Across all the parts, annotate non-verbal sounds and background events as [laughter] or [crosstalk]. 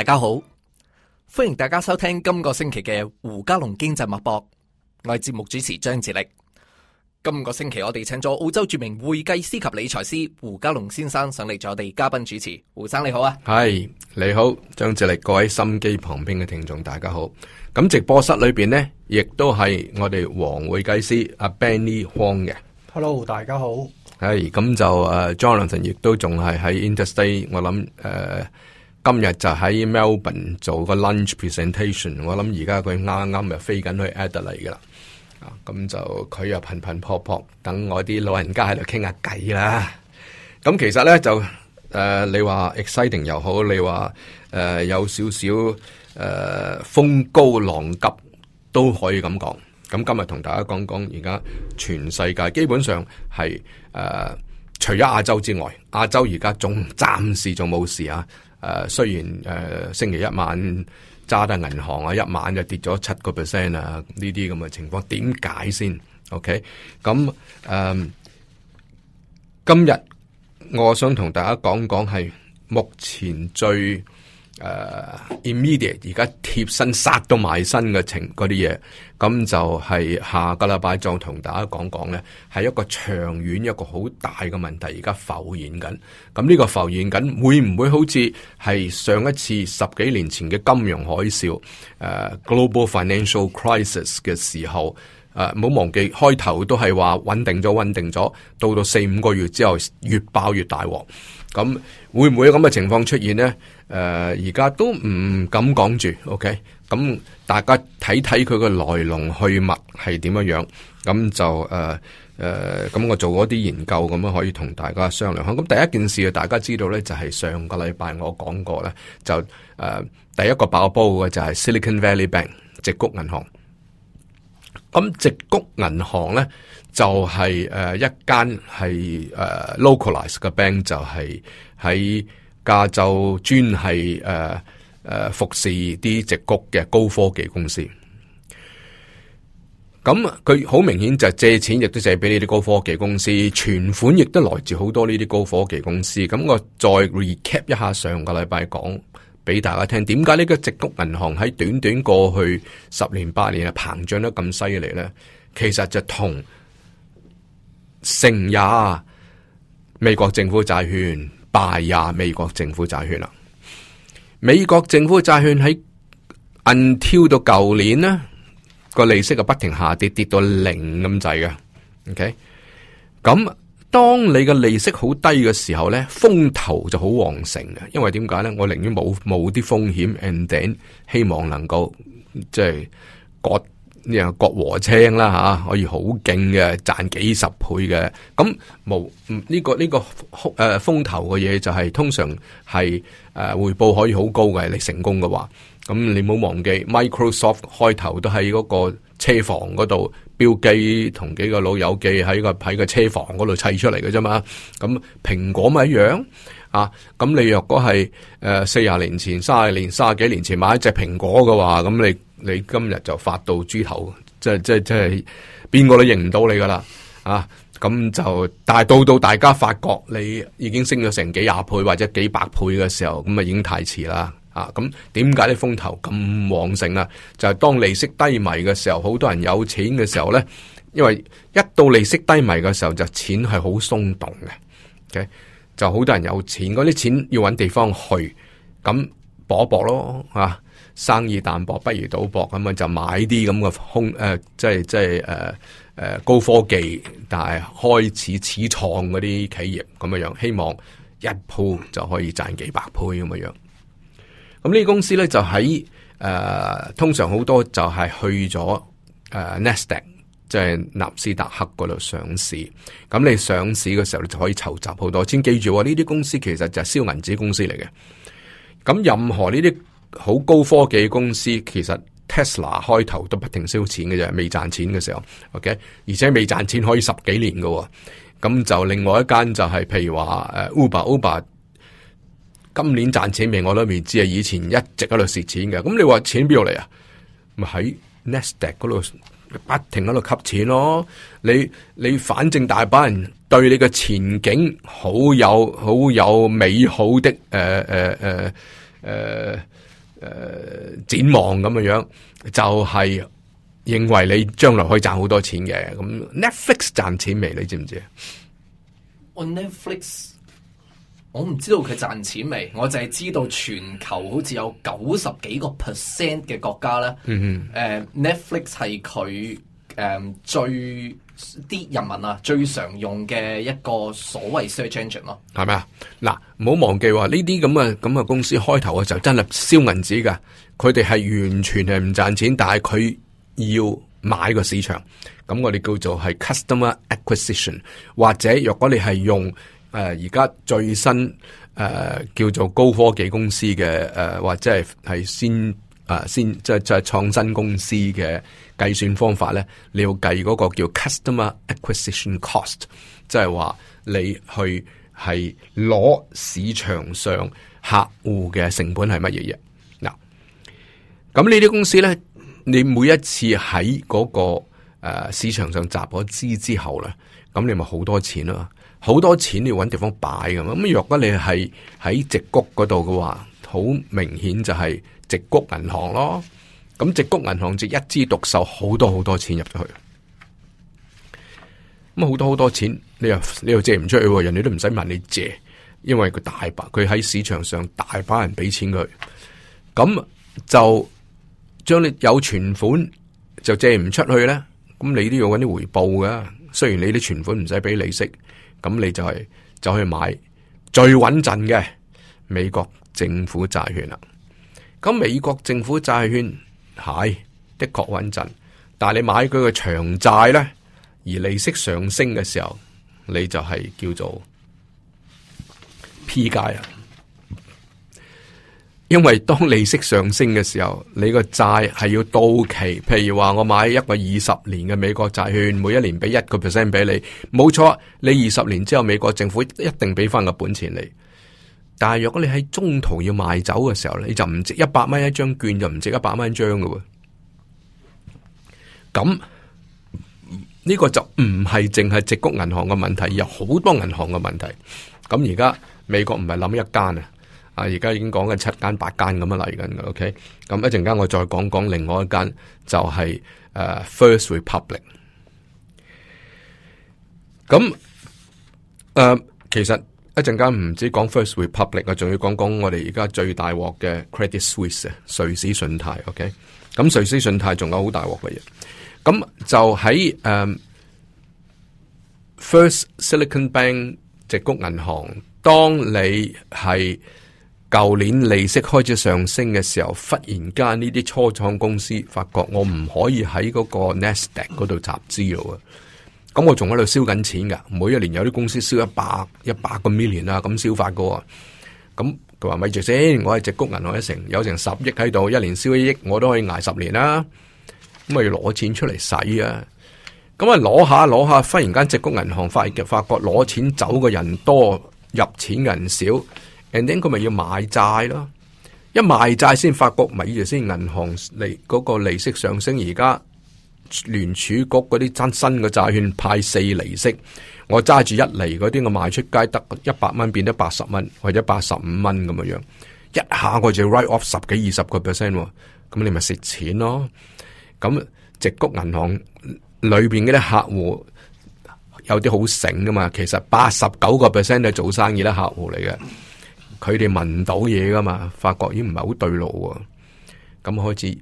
大家好，歡迎大家收聽今個星期嘅胡家龍經濟脈搏，我係節目主持張志力。今個星期我哋請咗澳洲著名會計師及理財師胡家龍先生上嚟做我哋嘉賓主持。胡生你好啊，係、hey, 你好，張志力各位心機旁邊嘅聽眾大家好。咁直播室裏邊呢，亦都係我哋黃會計師阿 Benny Hung 嘅。Hello，大家好。係咁、hey, 就誒 Jonathan 亦都仲係喺 Interstate，我諗誒。Uh, 今日就喺 Melbourne 做個 lunch presentation，我諗而家佢啱啱又飛緊去 Adelaide 噶啦，啊，咁、嗯、就佢又頻頻撲撲，等我啲老人家喺度傾下偈啦。咁、嗯、其實咧就誒、呃，你話 exciting 又好，你話誒、呃、有少少誒、呃、風高浪急都可以咁講。咁、嗯、今日同大家講講，而家全世界基本上係誒、呃，除咗亞洲之外，亞洲而家仲暫時仲冇事啊。誒，uh, 雖然誒，uh, 星期一晚渣打銀行啊，一晚就跌咗七個 percent 啊，呢啲咁嘅情況點解先？OK，咁誒，uh, 今日我想同大家講講係目前最。誒、uh,，immediate 而家貼身殺到埋身嘅情嗰啲嘢，咁就係下個禮拜再同大家講講，呢係一個長遠一個好大嘅問題，而家浮現緊。咁呢個浮現緊，會唔會好似係上一次十幾年前嘅金融海嘯？誒、uh,，Global Financial Crisis 嘅時候，誒，唔好忘記開頭都係話穩定咗，穩定咗，到到四五個月之後越爆越大鑊，咁。會唔會有咁嘅情況出現呢？誒、呃，而家都唔敢講住，OK？咁大家睇睇佢嘅來龍去脈係點樣樣，咁就誒誒，咁、啊、我做咗啲研究，咁樣可以同大家商量下。咁第一件事啊，大家知道呢，就係上個禮拜我講過呢，就誒、呃，第一個爆煲嘅就係 Silicon Valley Bank 直谷銀行。咁直谷銀行呢。就係、是、誒、uh，一間係誒、uh，localize 嘅 bank，就係喺加州專係誒誒服侍啲直谷嘅高科技公司。咁佢好明顯就借錢亦都借俾呢啲高科技公司，存款亦都來自好多呢啲高科技公司。咁、嗯、我再 recap 一下上個禮拜講俾大家聽，點解呢個直谷銀行喺短短過去十年八年啊膨脹得咁犀利呢？其實就同，成也美國政府債券，敗也美國政府債券啦。美國政府債券喺 until 到舊年，呢個利息就不停下跌，跌到零咁滯嘅。OK，咁當你嘅利息好低嘅時候咧，風頭就好旺盛嘅。因為點解咧？我寧願冇冇啲風險，and then，希望能夠即係割。呢個割禾青啦吓、啊，可以好勁嘅，賺幾十倍嘅。咁冇呢、這個呢、這個誒、呃、風投嘅嘢就係、是、通常係誒回報可以好高嘅，你成功嘅話，咁你唔好忘記 Microsoft 開頭都喺嗰個車房嗰度標記同幾個老友記喺個喺個車房嗰度砌出嚟嘅啫嘛。咁蘋果咪一樣啊？咁你若果係誒四十年前、卅年、卅幾年前,年前,年前,年前買一隻蘋果嘅話，咁你。你今日就發到豬頭，即係即係即係，邊個都認唔到你噶啦啊！咁就，但係到到大家發覺你已經升咗成幾廿倍或者幾百倍嘅時候，咁啊已經太遲啦啊！咁點解啲風頭咁旺盛啊？就係當利息低迷嘅時候，好多人有錢嘅時候咧，因為一到利息低迷嘅時候，就錢係好鬆動嘅，OK，就好多人有錢，嗰啲錢要搵地方去，咁搏一搏咯啊！生意淡薄，不如賭博咁啊樣就買啲咁嘅空誒，即係即係誒誒，高科技但係開始始創嗰啲企業咁嘅樣，樣，希望一鋪就可以賺幾百倍咁嘅樣，樣。咁呢啲公司咧就喺誒、呃，通常好多就係去咗誒納斯達即係納斯達克嗰度上市。咁、嗯、你上市嘅時候，你就可以籌集好多。先記住，哦、呢啲公司其實就係燒銀紙公司嚟嘅。咁、嗯、任何呢啲。好高科技公司，其實 Tesla 開頭都不停燒錢嘅啫，未賺錢嘅時候，ok，而且未賺錢可以十幾年嘅、哦，咁就另外一間就係譬如話誒 Uber Uber，今年賺錢未？我都未知啊。以前一直喺度蝕錢嘅，咁你話錢邊度嚟啊？咪喺 Nasdaq 嗰度不停喺度吸錢咯。你你反正大把人對你嘅前景好有好有美好的誒誒誒誒。呃呃呃誒，uh, 展望咁嘅樣，就係、是、認為你將來可以賺好多錢嘅。咁 Netflix 賺錢未？你知唔知？On Netflix，我唔知道佢賺錢未，我就係知道全球好似有九十幾個 percent 嘅國家咧，誒、mm hmm. uh,，Netflix 係佢誒最。啲人民啊，最常用嘅一個所謂 search engine 咯，係咪啊？嗱，唔好忘記話呢啲咁嘅咁嘅公司，開頭嘅時候真係燒銀紙噶，佢哋係完全係唔賺錢，但係佢要買個市場，咁我哋叫做係 customer acquisition，或者若果你係用誒而家最新誒、呃、叫做高科技公司嘅誒、呃，或者係係先啊、呃、先即係即係創新公司嘅。計算方法咧，你要計嗰個叫 customer acquisition cost，即係話你去係攞市場上客戶嘅成本係乜嘢嘢？嗱，咁呢啲公司咧，你每一次喺嗰、那個誒、呃、市場上集咗資之後咧，咁你咪好多錢咯，好多錢你要揾地方擺㗎嘛。咁若果你係喺直谷嗰度嘅話，好明顯就係直谷銀行咯。咁直谷銀行就一枝獨秀，好多好多錢入咗去。咁好多好多錢你，你又你又借唔出去，人哋都唔使問你借，因為佢大把，佢喺市場上大把人俾錢佢。咁就將你有存款就借唔出去咧，咁你都要搵啲回報㗎。雖然你啲存款唔使俾利息，咁你就係、就、走去買最穩陣嘅美國政府債券啦。咁美國政府債券。係、哎、的確穩陣，但係你買佢個長債咧，而利息上升嘅時候，你就係叫做 P 界啊。因為當利息上升嘅時候，你個債係要到期。譬如話我買一個二十年嘅美國債券，每一年俾一個 percent 俾你，冇錯，你二十年之後美國政府一定俾翻個本錢你。但係，如果你喺中途要賣走嘅時候咧，你就唔值一百蚊一張券，就唔值一百蚊一張嘅喎。咁呢、這個就唔係淨係直谷銀行嘅問題，而有好多銀行嘅問題。咁而家美國唔係諗一間啊，啊而家已經講緊七間八間咁樣嚟緊嘅。OK，咁一陣間我再講講另外一間、就是，就係誒 First Republic。咁誒、啊，其實。一陣間唔止講 First Republic 啊，仲要講講我哋而家最大鑊嘅 Credit Suisse 啊，瑞士信貸。OK，咁瑞士信貸仲有好大鑊嘅嘢。咁就喺誒、uh, First Silicon Bank 直谷銀行，當你係舊年利息開始上升嘅時候，忽然間呢啲初創公司發覺我唔可以喺嗰個 NASDAQ 嗰度集資啊。咁我仲喺度燒緊錢㗎，每一年有啲公司燒一百一百個 million 啊，咁燒法啊。咁佢話咪住先，我喺直谷銀行一成，有成十億喺度，一年燒一億，我都可以捱十年啦。咁啊要攞錢出嚟使啊，咁啊攞下攞下，忽然間直谷銀行發現發覺攞錢走嘅人多，入錢人少，and then 佢咪要買債咯？一買債先發覺咪住先銀行利嗰個利息上升而家。聯儲局嗰啲爭新嘅債券派四厘息，我揸住一厘嗰啲，我賣出街得一百蚊，變咗八十蚊或者八十五蚊咁嘅樣，一下我就 write off 十幾二十個 percent，咁、哦、你咪蝕錢咯。咁直谷銀行裏邊嗰啲客戶有啲好醒噶嘛，其實八十九個 percent 都係做生意嘅客戶嚟嘅，佢哋聞到嘢噶嘛，發覺已經唔係好對路、哦，咁開始。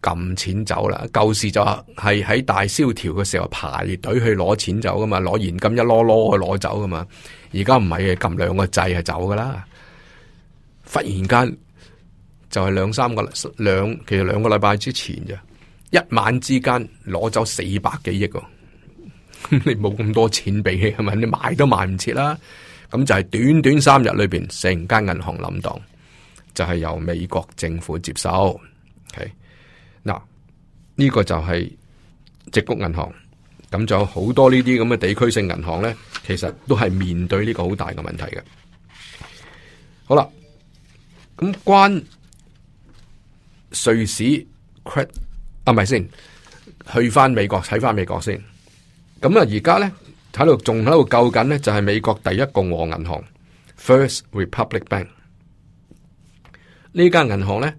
撳錢走啦，舊時就係喺大蕭條嘅時候排隊去攞錢走噶嘛，攞現金一籮籮去攞走噶嘛。而家唔係嘅，撳兩個掣係走噶啦。忽然間就係兩三個兩其實兩個禮拜之前啫，一晚之間攞走四百幾億、哦。 [laughs] 你冇咁多錢俾係咪？你賣都賣唔切啦。咁就係短短三日裏邊，成間銀行冧檔，就係、是、由美國政府接手。Okay? 呢個就係植谷銀行，咁仲有好多呢啲咁嘅地區性銀行呢，其實都係面對呢個好大嘅問題嘅。好啦，咁關瑞士 Credit 咪先？去翻美國睇翻美國先。咁啊，而家呢，喺度仲喺度救緊呢，就係美國第一共和銀行 First Republic Bank 呢間銀行呢，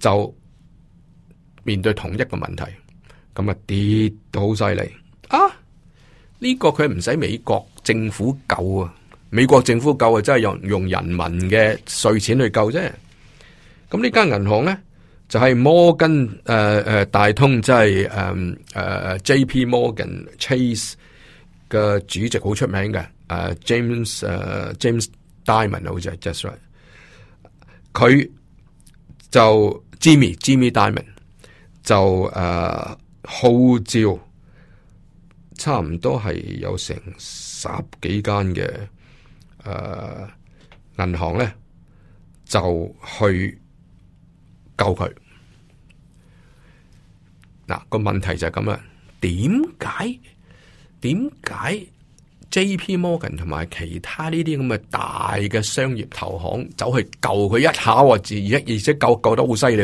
就。面對同一個問題，咁啊跌到好犀利啊！呢、這個佢唔使美國政府救啊，美國政府救啊，真係用用人民嘅稅錢去救啫，啊。咁呢間銀行咧就係摩根誒誒大通，即係誒誒 J P Morgan Chase 嘅主席好出名嘅，誒、uh, James 誒、uh, James Diamond 好似係 just right，佢就 Jimmy Jimmy Diamond。就誒、呃、號召，差唔多係有成十幾間嘅誒銀行咧，就去救佢。嗱，個問題就係咁啊，點解？點解？J.P.Morgan 同埋其他呢啲咁嘅大嘅商業投行走去救佢一下、啊，而且而且救救得好犀利，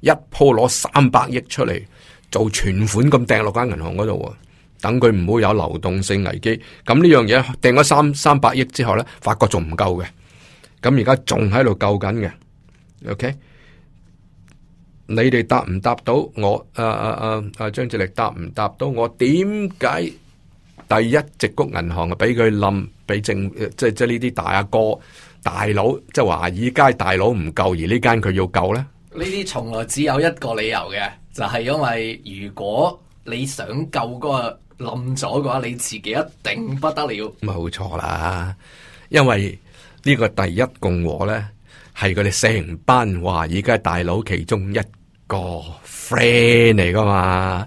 一鋪攞三百億出嚟做存款咁掟落間銀行嗰度、啊，等佢唔好有流動性危機。咁呢樣嘢掟咗三三百億之後咧，發覺仲唔夠嘅，咁而家仲喺度救緊嘅。OK，你哋答唔答到我？啊啊啊啊！張志力答唔答到我？點解？第一直谷銀行啊，俾佢冧，俾政即係即係呢啲大阿哥大佬，即係華爾街大佬唔救，而呢間佢要救咧？呢啲從來只有一個理由嘅，就係、是、因為如果你想救嗰個冧咗嘅話，你自己一定不得了。冇錯啦，因為呢個第一共和咧，係佢哋成班華爾街大佬其中一個 friend 嚟噶嘛。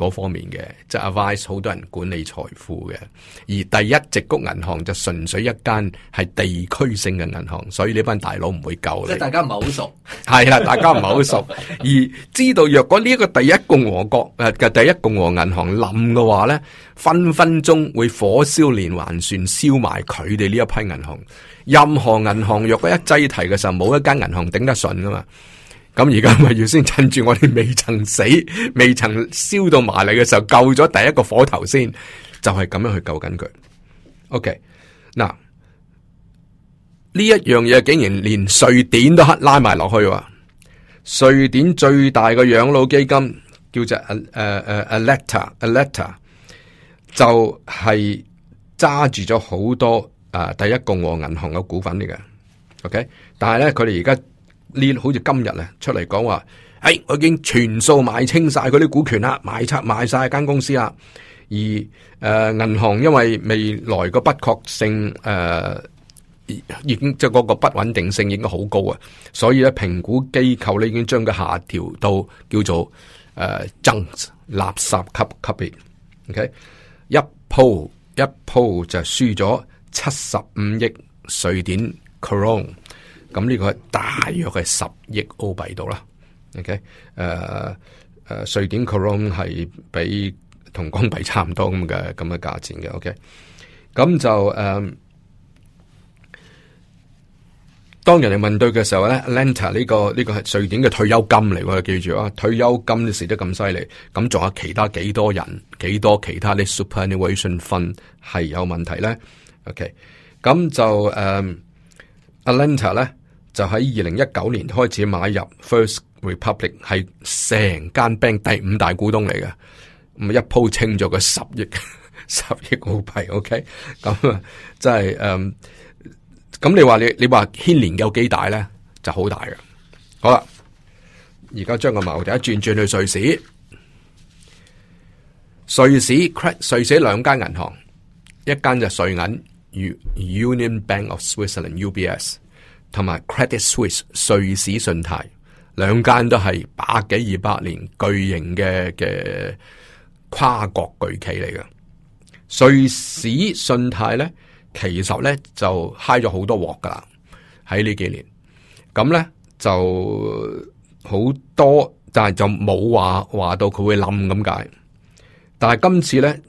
嗰方面嘅，即係阿 Vice 好多人管理財富嘅，而第一直谷銀行就純粹一間係地區性嘅銀行，所以呢班大佬唔會救你。即係大家唔係好熟，係啦， [laughs] 大家唔係好熟， [laughs] 而知道若果呢一個第一共和國誒嘅、呃、第一共和銀行冧嘅話呢，分分鐘會火燒連環船，燒埋佢哋呢一批銀行。任何銀行若果一擠提嘅時候，冇一間銀行頂得順噶嘛。咁而家咪要先趁住我哋未曾死、未曾燒到埋嚟嘅時候，救咗第一個火頭先，就係、是、咁樣去救緊佢。OK，嗱，呢一樣嘢竟然連瑞典都拉埋落去。瑞典最大嘅養老基金叫做誒誒誒 Aletta Aletta，就係揸住咗好多誒、啊、第一共和銀行嘅股份嚟嘅。OK，但係咧，佢哋而家。呢好似今日啊，出嚟講話，係我已經全數賣清晒嗰啲股權啦，買出賣晒間公司啦。而誒，銀、呃、行因為未來個不確性誒、呃，已經即係嗰個不穩定性已經好高啊，所以咧，評估機構咧已經將佢下調到叫做誒，增、呃、垃圾級級別。OK，一鋪一鋪就輸咗七十五億瑞典克朗。咁呢個係大約係十億澳幣度啦，OK，誒誒，瑞典克朗係比同港幣差唔多咁嘅咁嘅價錢嘅，OK，咁就誒，uh, 當人哋問到嘅時候咧，Lenta 呢、呢個呢、呢個係瑞典嘅退休金嚟。我哋記住啊，退休金蝕得咁犀利，咁仲有其他幾多人，幾多其他啲 superannuation fund 係有問題咧，OK，咁就誒 Lenta 咧。Uh, 就喺二零一九年開始買入 First Republic，係成間 bank 第五大股東嚟嘅，咁一鋪清咗個十億十億澳幣，OK，咁啊，即係誒，咁、嗯、你話你你話牽連有幾大咧？就好大嘅，好啦，而家將個矛就一轉轉去瑞士，瑞士瑞信兩間銀行，一間就瑞銀 Union Bank of Switzerland UBS。同埋 Credit Suisse 瑞士信貸，兩間都係百幾二百年巨型嘅嘅跨國巨企嚟嘅，瑞士信貸咧其實咧就嗨咗好多鑊噶啦，喺呢幾年咁咧就好多，但係就冇話話到佢會冧咁解，但係今次咧，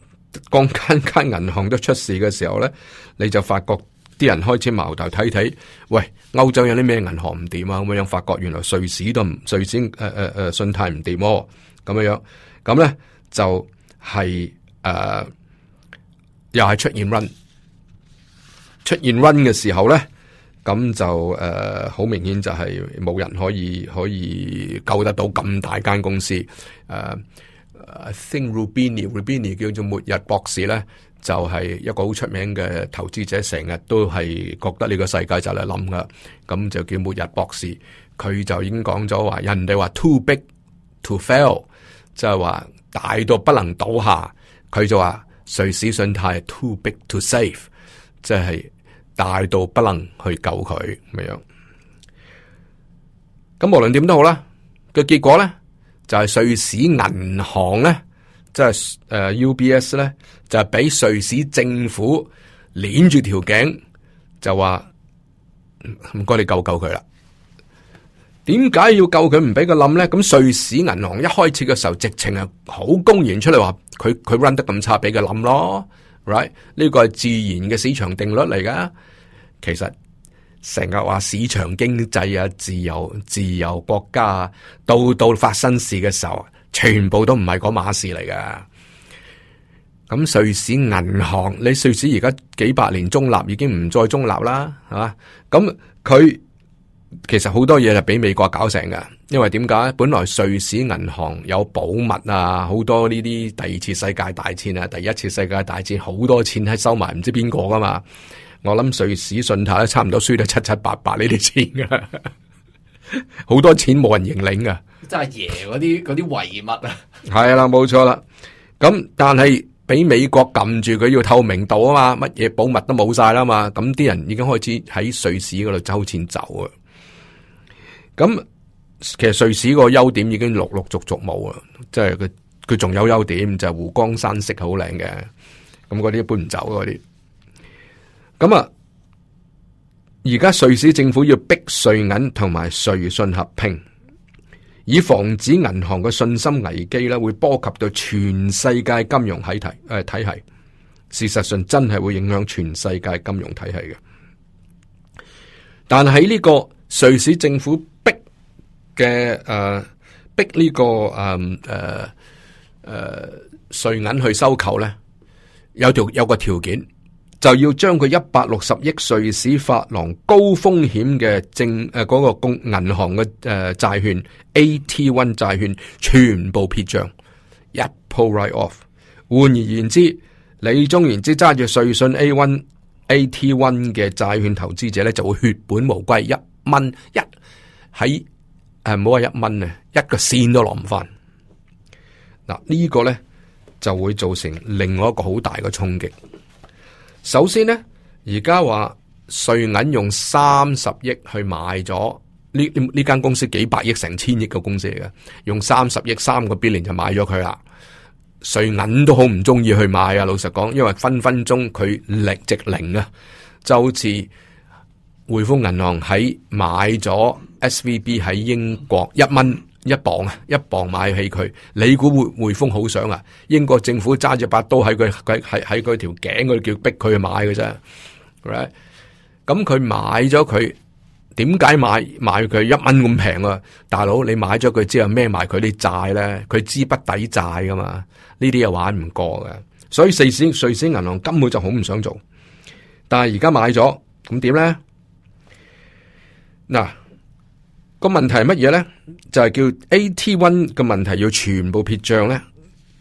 當間間銀行都出事嘅時候咧，你就發覺。啲人開始矛頭睇睇，喂，歐洲有啲咩銀行唔掂啊？咁樣發覺原來瑞士都唔，瑞士，誒誒誒信貸唔掂麼？咁樣，咁咧就係、是、誒、啊，又係出現 run，出現 run 嘅時候咧，咁就誒好、啊、明顯就係冇人可以可以救得到咁大間公司。誒誒 think Rubini, Rubini 叫做末日博士咧。就係一個好出名嘅投資者，成日都係覺得呢個世界就嚟冧啦，咁就叫末日博士。佢就已經講咗話，人哋話 too big to fail，即係話大到不能倒下。佢就話瑞士信貸 too big to save，即係大到不能去救佢咁樣。咁無論點都好啦，個結果呢就係瑞士銀行呢，即係誒 UBS 呢。就係畀瑞士政府捏住條頸，就話唔該你救救佢啦。點解要救佢唔畀佢冧咧？咁瑞士銀行一開始嘅時候，直情係好公然出嚟話，佢佢 run 得咁差，畀佢冧咯，right？呢個係自然嘅市場定律嚟噶。其實成日話市場經濟啊，自由自由國家啊，到到發生事嘅時候，全部都唔係嗰馬事嚟噶。咁瑞士銀行，你瑞士而家幾百年中立已經唔再中立啦，係嘛？咁佢其實好多嘢係俾美國搞成嘅，因為點解？本來瑞士銀行有保密啊，好多呢啲第二次世界大戰啊、第一次世界大戰好多錢係收埋，唔知邊個噶嘛？我諗瑞士信貸都差唔多輸得七七八八呢啲錢噶、啊，好 [laughs] 多錢冇人認領噶、啊，真係爺嗰啲嗰啲遺物啊！係啦， [laughs] 冇錯啦，咁但係。俾美國撳住佢要透明度啊嘛，乜嘢保密都冇晒啦嘛，咁啲人已經開始喺瑞士嗰度抽錢走啊。咁其實瑞士個優點已經陸陸續續冇、就是、啊，即係佢佢仲有優點就係湖光山色好靚嘅，咁嗰啲一般唔走嗰啲。咁啊，而家瑞士政府要逼瑞銀同埋瑞信合拼。以防止銀行嘅信心危機咧，會波及到全世界金融體系。誒、呃、體系事實上真係會影響全世界金融體系嘅。但喺呢個瑞士政府逼嘅誒、呃，逼呢、這個誒誒瑞銀去收購咧，有條有個條件。就要將佢一百六十億瑞士法郎高風險嘅政誒個公銀行嘅誒債券 A T one 債券全部撇賬，一鋪 right off。換而言之，李忠言之揸住瑞信 A one A T one 嘅債券投資者咧就會血本無歸，一蚊一喺誒唔好話一蚊啊、呃，一個仙都攞唔翻。嗱、這個、呢個咧就會造成另外一個好大嘅衝擊。首先呢，而家話瑞銀用三十億去買咗呢呢間公司幾百億成千億嘅公司嚟嘅，用三十億三個 billion 就買咗佢啦。瑞銀都好唔鍾意去買啊，老實講，因為分分鐘佢力值零啊，就好似匯豐銀行喺買咗 S V B 喺英國一蚊。一磅啊，一磅買起佢，你估匯匯豐好想啊？英國政府揸住把刀喺佢喺喺佢條頸嗰度叫逼佢去買嘅啫，咁、right? 佢買咗佢，點解買買佢一蚊咁平啊？大佬，你買咗佢之後孭埋佢啲債咧，佢資不抵債噶嘛？呢啲又玩唔過嘅，所以瑞士瑞士銀行根本就好唔想做，但係而家買咗，咁點咧？嗱。個問題係乜嘢呢？就係叫 AT One 嘅問題要全部撇賬呢。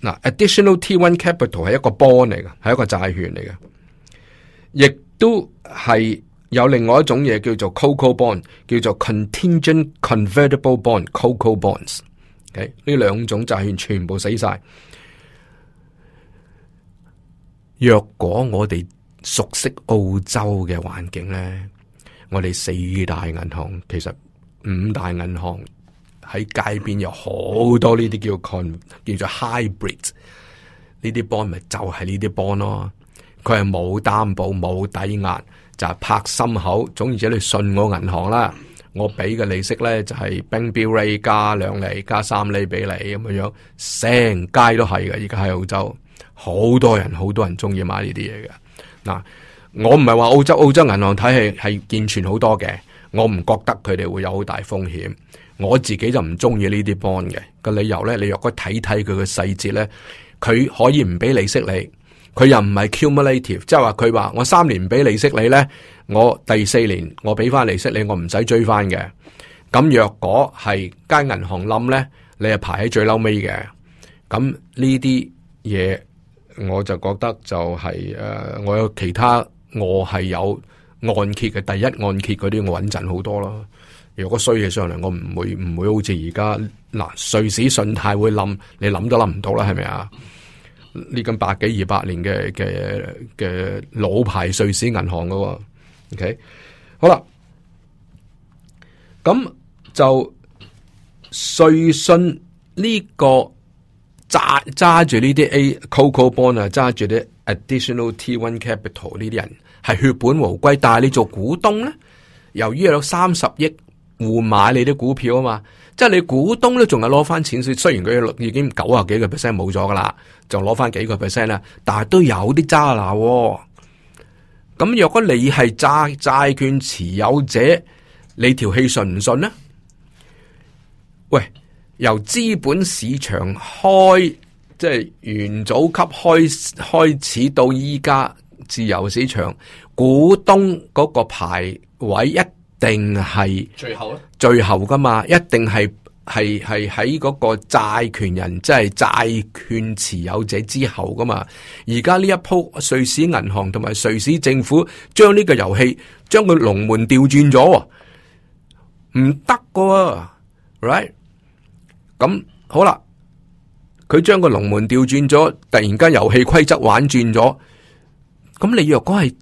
嗱，Additional T One Capital 係一個 bond 嚟嘅，係一個債券嚟嘅，亦都係有另外一種嘢叫做 Coco Bond，叫做 Contingent Convertible Bond，Coco Bonds，OK？呢兩種債券全部死晒。若果我哋熟悉澳洲嘅環境呢，我哋四大銀行其實。五大銀行喺街邊有好多呢啲叫 con，叫做 hybrid 呢啲 bond 咪就係呢啲 bond 咯。佢係冇擔保，冇抵押，就係、是、拍心口，總而且你信我銀行啦，我俾嘅利息咧就係 bank bill rate 加兩厘加三厘俾你咁嘅樣，成街都係嘅。而家喺澳洲，好多人好多人中意買呢啲嘢嘅。嗱，我唔係話澳洲澳洲銀行體系係健全好多嘅。我唔覺得佢哋會有好大風險，我自己就唔中意呢啲 bond 嘅個理由呢，你若果睇睇佢嘅細節呢，佢可以唔俾利息你，佢又唔係 cumulative，即係話佢話我三年唔俾利息你呢，我第四年我俾翻利息你，我唔使追翻嘅。咁若果係間銀行冧呢，你係排喺最嬲尾嘅。咁呢啲嘢我就覺得就係、是、誒，我有其他我係有。按揭嘅第一按揭嗰啲我穩陣好多咯，如果衰嘢上嚟，我唔會唔會好似而家嗱瑞士信貸會冧，你諗都諗唔到啦，係咪啊？呢間百幾二百年嘅嘅嘅老牌瑞士銀行噶，OK，好啦，咁就瑞信呢個揸揸住呢啲 A CoCo Bond 揸住啲 Additional T1 Capital 呢啲人。係血本無歸，但係你做股東咧，由於有三十億互買你啲股票啊嘛，即係你股東都仲係攞翻錢，雖然佢已經九啊幾個 percent 冇咗噶啦，就攞翻幾個 percent 啦，但係都有啲渣嗱喎。咁若果你係債債券持有者，你條氣信唔信呢？喂，由資本市場開即係元祖級開開始到依家。自由市場股東嗰個排位一定係最後咯，最後噶嘛，一定係係係喺嗰個債權人即係債券持有者之後噶嘛。而家呢一鋪瑞士銀行同埋瑞士政府將呢個遊戲將個龍門調轉咗，唔得噶，right？咁好啦，佢將個龍門調轉咗，突然間遊戲規則玩轉咗。咁你若果係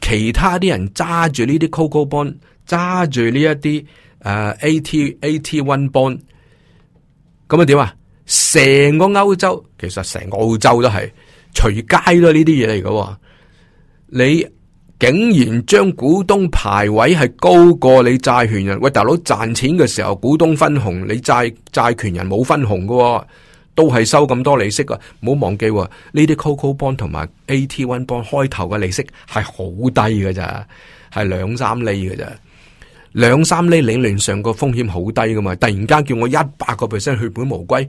其他啲人揸住呢啲 CoCo Bond，揸住呢一啲誒、uh, AT AT1 Bond，咁啊點啊？成個歐洲其實成個澳洲都係隨街都呢啲嘢嚟噶。你竟然將股東排位係高過你債權人？喂，大佬，賺錢嘅時候，股東分紅，你債債權人冇分紅噶、哦。都係收咁多利息啊，唔好忘記呢啲 Coco Bond 同埋 AT One Bond 開頭嘅利息係好低嘅咋，係兩三厘嘅咋，兩三厘理論上個風險好低噶嘛，突然間叫我一百個 percent 血本無歸，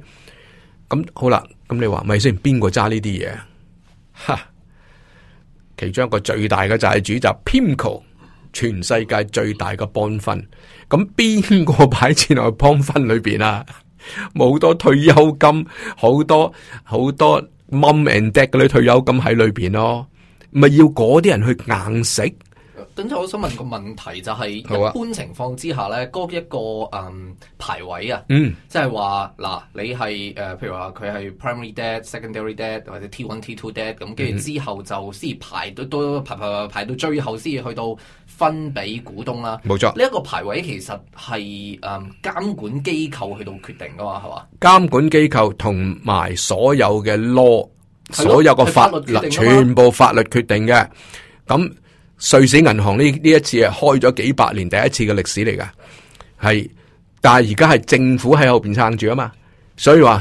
咁好啦，咁你話，咪先邊個揸呢啲嘢？哈，其中一個最大嘅債主就 PIMCO，全世界最大嘅 Bond Fund，咁邊個擺錢落去 Bond Fund 裏邊啊？冇多退休金，好多好多 mom and dad 嘅啲退休金喺裏邊咯，咪要嗰啲人去硬食。咁即我想問個問題就係、是、的一般情況之下咧，嗰一個嗯排位啊，即係話嗱，你係誒、呃、譬如話佢係 primary debt、secondary debt 或者 T one T two debt 咁、嗯，跟住、嗯、之後就先排到排排排到最後先至去到分俾股東啦。冇錯，呢一個排位其實係誒、嗯、監管機構去到決定噶嘛，係嘛？監管機構同埋所有嘅 law，所有個法律全部法律決定嘅，咁。瑞士銀行呢呢一次係開咗幾百年第一次嘅歷史嚟噶，係但係而家係政府喺後邊撐住啊嘛，所以話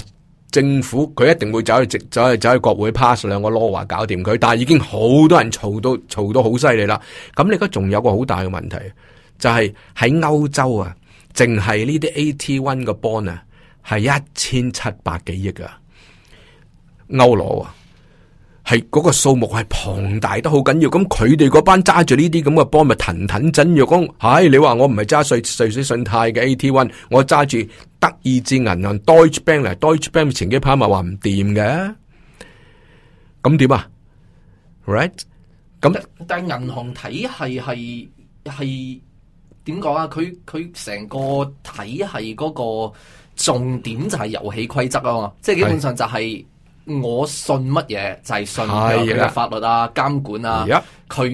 政府佢一定會走去直走去走去國會 pass 兩個 law 搞掂佢，但係已經好多人嘈到嘈到好犀利啦，咁你而家仲有個好大嘅問題，就係喺歐洲啊，淨係呢啲 AT1 嘅 bond 啊係一千七百幾億啊，歐羅啊！係嗰個數目係龐大得好緊要，咁佢哋嗰班揸住呢啲咁嘅波咪騰騰震肉，講唉、哎，你話我唔係揸瑞瑞信信貸嘅 AT1，我揸住德意志銀行 Deutsche Bank 嚟 Deutsche Bank 前幾 part 咪話唔掂嘅，咁點啊？Right？咁但係銀行體係係係點講啊？佢佢成個體係嗰個重點就係遊戲規則啊，嘛，即係基本上就係、是。我信乜嘢就係、是、信佢嘅的法律啊、監管啊、佢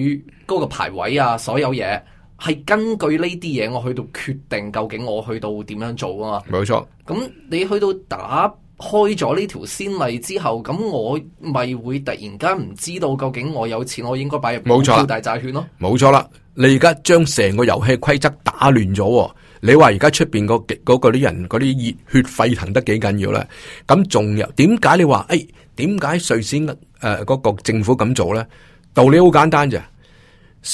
嗰的個排位啊、所有嘢係根據呢啲嘢我去到決定究竟我去到點樣做啊嘛，冇錯錯。咁你去到打開咗呢條先例之後，咁我咪會突然間唔知道究竟我有錢我應該擺入冇錯大債券咯、啊，冇錯啦。你而家將成個遊戲規則打亂咗、哦。你話而家出邊嗰啲人嗰啲熱血沸騰得幾緊要咧？咁仲有點解？你話誒，點解瑞士誒嗰個政府咁做咧？道理好簡單咋？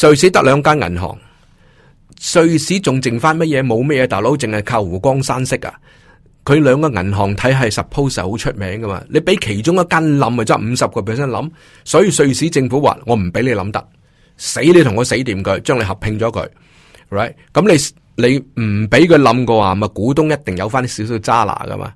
瑞士得兩間銀行，瑞士仲剩翻乜嘢？冇咩嘢大佬，淨係靠湖光山色啊！佢兩個銀行體系 suppose 好出名噶嘛？你俾其中一間冧咪，即係五十個 percent 冧，所以瑞士政府話我唔俾你冧得，死你同我死掂佢，將你合併咗佢，right？咁你？你唔俾佢諗過話啊，咪股東一定有翻啲少少渣拿噶嘛？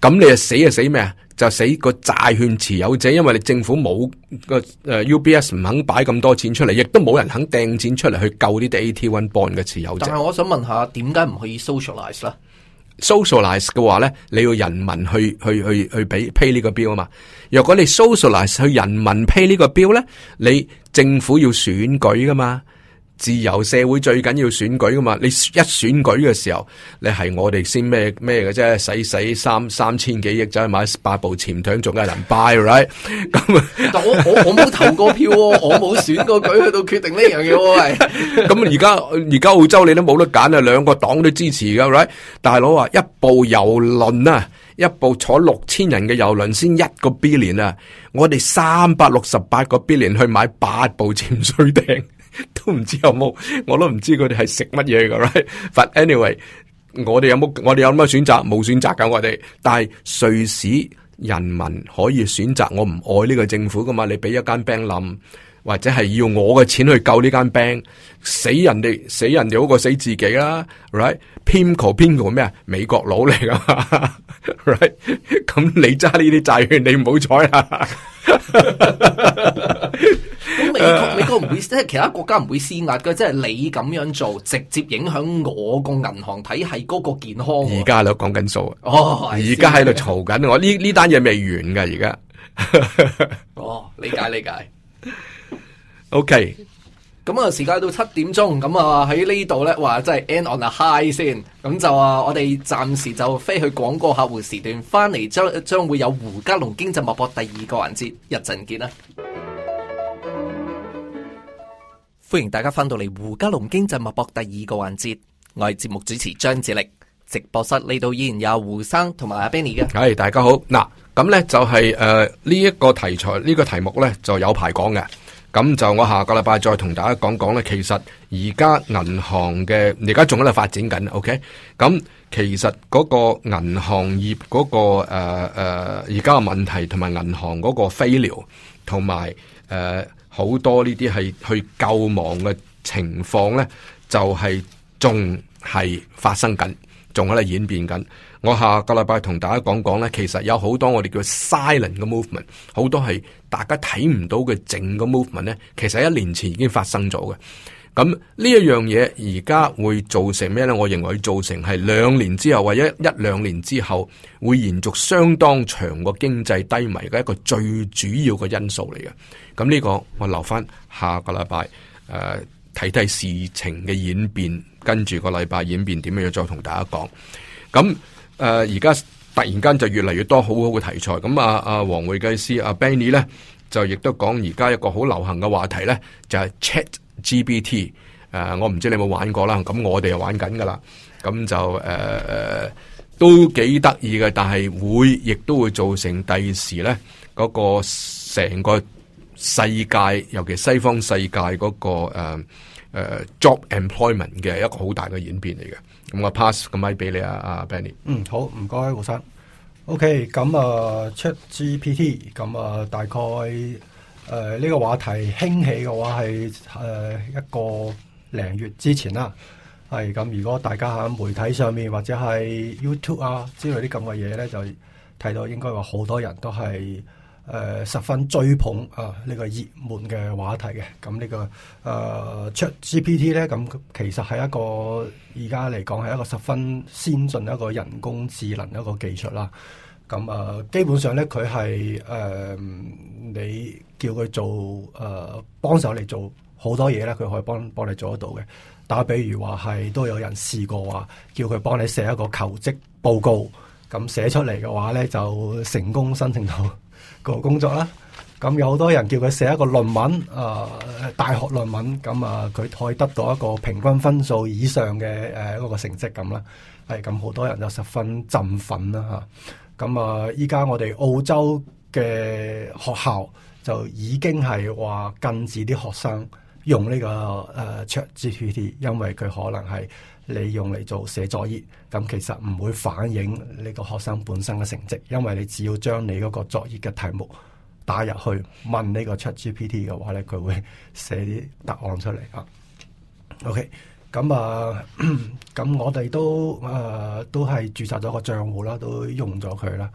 咁你啊死就死咩啊？就死個債券持有者，因為你政府冇個誒、呃、UBS 唔肯擺咁多錢出嚟，亦都冇人肯掟錢出嚟去救呢啲 AT1 bond 嘅持有者。但我想問下，點解唔可以 socialize 啦？socialize 嘅話咧，你要人民去去去去俾 pay 呢個標啊嘛？若果你 socialize 去人民 pay 個呢個標咧，你政府要選舉噶嘛？自由社會最緊要選舉噶嘛？你一選舉嘅時候，你係我哋先咩咩嘅啫？使使三三千幾億走去買八部潛艇，仲有人拜，buy right？咁， [laughs] 但我我我冇投過票喎、哦， [laughs] 我冇選過舉去到決定呢樣嘢喎、哦。咁而家而家澳洲你都冇得揀啦，兩個黨都支持噶，right？ [laughs] 大佬啊，一部遊輪啊，一部坐六千人嘅遊輪先一個 billion 啊，我哋三百六十八個 billion 去買八部潛水艇。都唔知有冇，我都唔知佢哋係食乜嘢噶。Right? But anyway，我哋有冇？我哋有乜選，選擇？冇選擇噶，我哋。但係，瑞士人民可以選擇，我唔愛呢個政府噶嘛？你俾一間兵冧，或者係要我嘅錢去救呢間兵，死人哋，死人哋好過死自己啦。Right？Pimco，Pimco 咩啊？美國佬嚟噶。Right？咁、 [laughs] 嗯、你揸呢啲債券，你唔好彩啦。 [laughs] [laughs] 你都唔會，即係其他國家唔會施壓嘅，即係你咁樣做，直接影響我個銀行體系嗰個健康。而家咧講緊數啊，哦，而家喺度嘈緊，我呢呢單嘢未完嘅，而家 [laughs] 哦，理解理解。 [laughs] OK，咁啊、嗯，時間到七點鐘，咁啊喺呢度咧，話即係 end on a high 先，咁、嗯、就啊，我哋暫時就飛去廣告客戶時段，翻嚟，將將會有胡家龍經濟脈搏第二個環節，一陣見啦。歡迎大家翻到嚟胡嘉龍經濟脈搏第二個環節，我係節目主持張智力，直播室呢度依然有胡生同埋阿 Benny 嘅。係、hey, 大家好，嗱咁咧就係誒呢一個題材呢、呢個題目咧就有排講嘅，咁就我下個禮拜再同大家講講咧。其實而家銀行嘅而家仲喺度發展緊，OK？咁其實嗰個銀行業嗰、嗰個誒誒而家嘅問題同埋銀行嗰個 failure 同埋誒。呃好多呢啲係去救亡嘅情況咧，就係、是、仲係發生緊，仲喺度演變緊。我下個禮拜同大家講講咧，其實有好多我哋叫 silent 嘅 movement，好多係大家睇唔到嘅整個 movement 咧，其實一年前已經發生咗嘅。咁呢一樣嘢而家會造成咩呢？我認為造成係兩年之後或者一兩年之後會延續相當長個經濟低迷嘅一個最主要嘅因素嚟嘅。咁呢個我留翻下，下個禮拜誒睇睇事情嘅演變，跟住個禮拜演變點樣再同大家講。咁誒而家突然間就越嚟越多好好嘅題材。咁啊啊黃會計師阿、啊、Benny 呢，就亦都講而家一個好流行嘅話題呢，就係、是、Chat。GPT，誒、呃，我唔知你有冇玩過啦，咁我哋又玩緊噶啦，咁就誒、呃、都幾得意嘅，但係會亦都會造成第時咧嗰、那個成個世界，尤其西方世界嗰、那個誒誒、呃呃、job employment 嘅一個好大嘅演變嚟嘅。咁、嗯、我 pass 個咪俾你啊，阿 Benny。嗯，好，唔該，胡生。OK，咁啊，Chat、uh, GPT，咁啊，uh, 大概。誒呢、呃這個話題興起嘅話係誒、呃、一個零月之前啦，係咁。如果大家喺媒體上面或者係 YouTube 啊之類啲咁嘅嘢咧，就睇到應該話好多人都係誒、呃、十分追捧啊呢、呃這個熱門嘅話題嘅。咁、這個呃、呢個誒 ChatGPT 咧，咁其實係一個而家嚟講係一個十分先進一個人工智能一個技術啦。咁啊，基本上咧，佢係誒，你叫佢做誒幫手嚟做好多嘢咧，佢可以幫幫你做得到嘅。打比如話係都有人試過話，叫佢幫你寫一個求職報告，咁寫出嚟嘅話咧就成功申請到個工作啦。咁有好多人叫佢寫一個論文誒、呃，大學論文，咁啊佢可以得到一個平均分數以上嘅誒嗰個成績咁啦。係咁，好多人就十分振奮啦吓。咁啊！依家，嗯、我哋澳洲嘅學校就已經係話禁止啲學生用呢、呢個誒、呃、ChatGPT，因為佢可能係你用嚟做寫作業，咁其實唔會反映呢個學生本身嘅成績，因為你只要將你嗰個作業嘅題目打入去問呢個 ChatGPT 嘅話咧，佢會寫啲答案出嚟啊。OK。咁啊，咁我哋都啊都係註冊咗個賬戶啦，都用咗佢啦。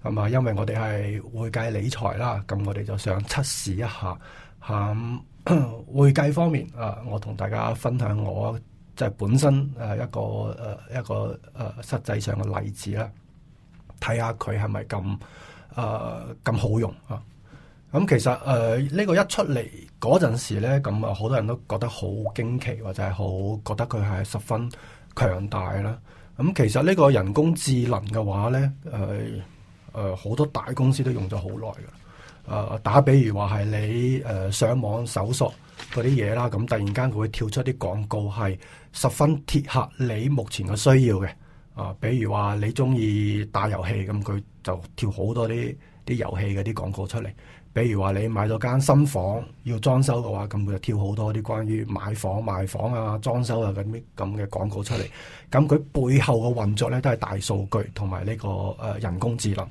咁啊，因為我哋係會計理財啦，咁我哋就想測試一下，喺、嗯、會計方面啊，我同大家分享我即係本身誒、啊、一個誒、啊、一個誒、啊、實際上嘅例子啦，睇下佢係咪咁誒咁好用啊！咁、嗯、其實誒呢、呃呢個一出嚟嗰陣時呢，咁啊好多人都覺得好驚奇，或者係好覺得佢係十分強大啦。咁、嗯、其實呢個人工智能嘅話呢，誒誒好多大公司都用咗好耐嘅啦。誒、呃、打比如話係你誒、呃、上網搜索嗰啲嘢啦，咁、嗯、突然間佢會跳出啲廣告係十分貼合你目前嘅需要嘅。啊、呃，比如話你中意打遊戲，咁、嗯、佢就跳好多啲啲遊戲嘅啲廣告出嚟。比如話你買咗間新房要裝修嘅話，咁佢就挑好多啲關於買房、賣房啊、裝修啊嗰啲咁嘅廣告出嚟。咁佢背後嘅運作咧都係大數據同埋呢個誒、呃、人工智能。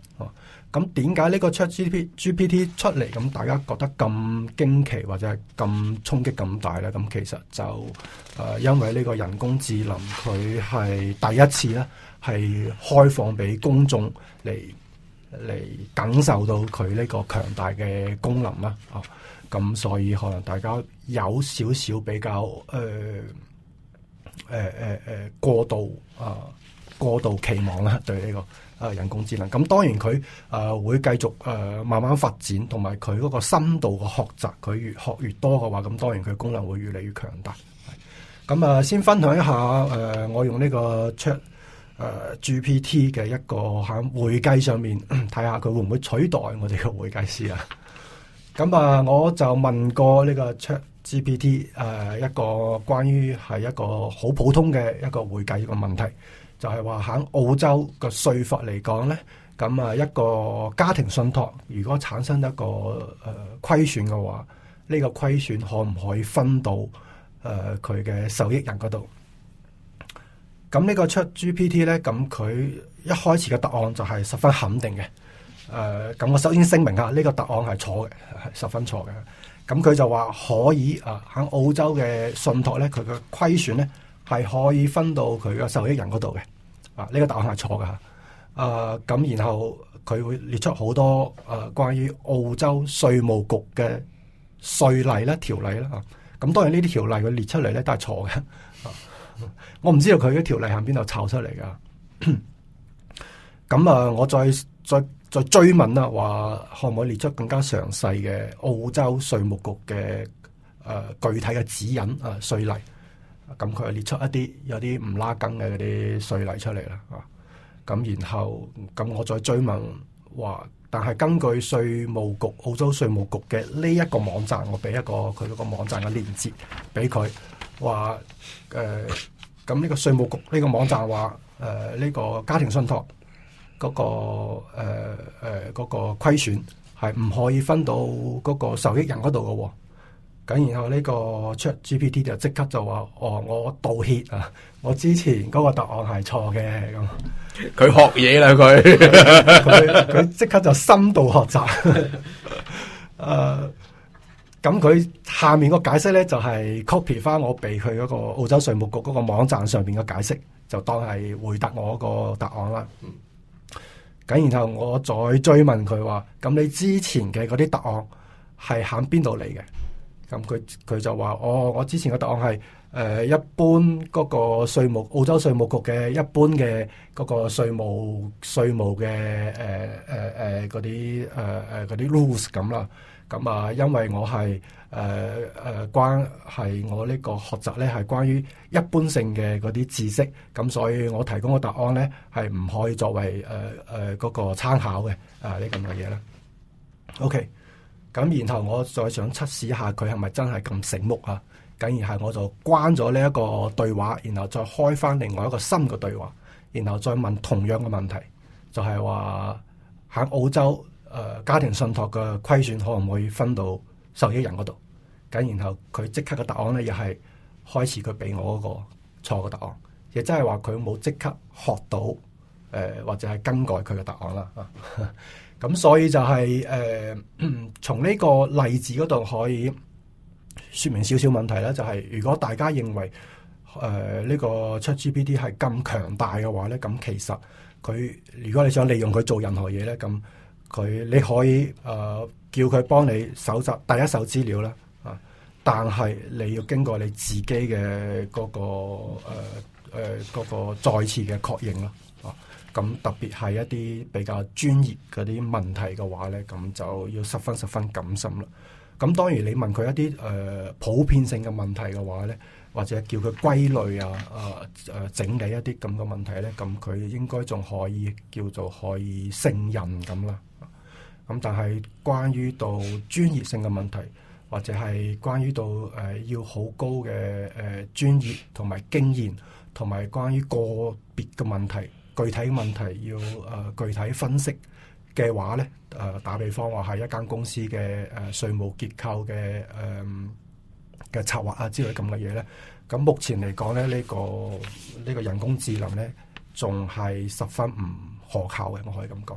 咁點解呢個 ChatGPT 出嚟，咁大家覺得咁驚奇或者係咁衝擊咁大咧？咁其實就誒、呃、因為呢個人工智能佢係第一次咧係開放俾公眾嚟。嚟感受到佢呢個強大嘅功能啦、啊，哦、啊，咁所以可能大家有少少比較誒誒誒誒過度啊過度期望啦、啊，對呢、這個啊人工智能，咁、啊、當然佢誒、啊、會繼續誒、啊、慢慢發展，同埋佢嗰個深度嘅學習，佢越學越多嘅話，咁當然佢功能會越嚟越強大。咁啊，先分享一下誒、啊，我用呢個 chat。誒，GPT 嘅一個喺會計上面睇下佢會唔會取代我哋嘅會計師啊？咁 [laughs] 啊，我就問過呢個 Chat GPT 誒，一個關於係一個好普通嘅一個會計一個問題，就係話喺澳洲嘅稅法嚟講咧，咁啊一個家庭信託如果產生一個誒虧損嘅話，呢個虧損可唔可以分到誒佢嘅受益人嗰度？咁呢個出 GPT 咧，咁佢一開始嘅答案就係十分肯定嘅。誒、呃，咁我首先聲明下，呢、呢個答案係錯嘅，係十分錯嘅。咁佢就話可以啊，喺、呃、澳洲嘅信託咧，佢嘅虧損咧係可以分到佢嘅受益人嗰度嘅。啊，呢、呢個答案係錯㗎。誒、啊，咁然後佢會列出好多誒、呃、關於澳洲稅務局嘅稅例咧、條例啦。嚇、啊，咁當然呢啲條例佢列出嚟咧都係錯嘅。我唔知道佢嘅條例喺邊度抄出嚟噶，咁 [coughs] 啊，我再再再追問啦，話可唔可以列出更加詳細嘅澳洲稅務局嘅誒、呃、具體嘅指引啊？稅例，咁佢係列出一啲有啲唔拉更嘅嗰啲稅例出嚟啦啊，咁、啊、然後咁、啊、我再追問話，但係根據稅務局，澳洲稅務局嘅呢一個網站，我俾一個佢嗰個網站嘅鏈接俾佢，話誒咁呢個稅務局呢個網站話誒呢個家庭信託嗰個誒誒嗰個虧損係唔可以分到嗰個受益人嗰度嘅喎。咁然後呢個 Chat GPT 就即刻就話，哦，我道歉啊，我之前嗰個答案係錯嘅，咁佢 [laughs] 學嘢啦佢，佢即 [laughs] 刻就深度學習。誒、 [laughs] [laughs] 呃，咁佢下面個解釋呢，就係、是、copy 翻我俾佢嗰個澳洲稅務局嗰個網站上面嘅解釋，就當係回答我個答案啦。咁然後我再追問佢話，咁你之前嘅嗰啲答案係喺邊度嚟嘅？咁佢佢就話：我我之前嘅答案係誒一般嗰個稅務澳洲稅務局嘅一般嘅嗰個稅務稅務嘅誒誒誒嗰啲誒誒嗰啲 rules，咁啦。咁啊，因為我係誒誒關係我呢個學習咧係關於一般性嘅嗰啲知識，咁所以我提供嘅答案咧係唔可以作為誒誒嗰個參考嘅啊呢咁嘅嘢啦。OK。咁然後我再想測試下佢係咪真係咁醒目啊？咁然後我就關咗呢一個對話，然後再開翻另外一個新嘅對話，然後再問同樣嘅問題，就係話喺澳洲誒、呃、家庭信託嘅虧損可唔可以分到受益人嗰度？咁然後佢即刻嘅答案呢，又係開始佢俾我嗰個錯嘅答案，亦即係話佢冇即刻學到誒、呃、或者係更改佢嘅答案啦啊！呵呵咁、嗯、所以就係、是、誒，從、呃、呢個例子嗰度可以說明少少問題啦。就係、是、如果大家認為誒呢、呃這個 ChatGPT 係咁強大嘅話咧，咁其實佢如果你想利用佢做任何嘢咧，咁佢你可以誒、呃、叫佢幫你搜集第一手資料啦啊，但係你要經過你自己嘅嗰、那個誒誒、呃呃那個再次嘅確認啦。啊咁特別係一啲比較專業嗰啲問題嘅話呢，咁就要十分十分感心啦。咁當然你問佢一啲誒、呃、普遍性嘅問題嘅話呢，或者叫佢歸類啊、誒、啊、誒、啊、整理一啲咁嘅問題呢，咁佢應該仲可以叫做可以勝任咁啦。咁但係關於到專業性嘅問題，或者係關於到誒要好高嘅誒專業同埋經驗，同埋關於個別嘅問題。具體問題要誒具體分析嘅話咧，誒打比方話係一間公司嘅誒稅務結構嘅誒嘅策劃啊之類咁嘅嘢咧，咁目前嚟講咧，呢個呢個人工智能咧，仲係十分唔可靠嘅，我可以咁講。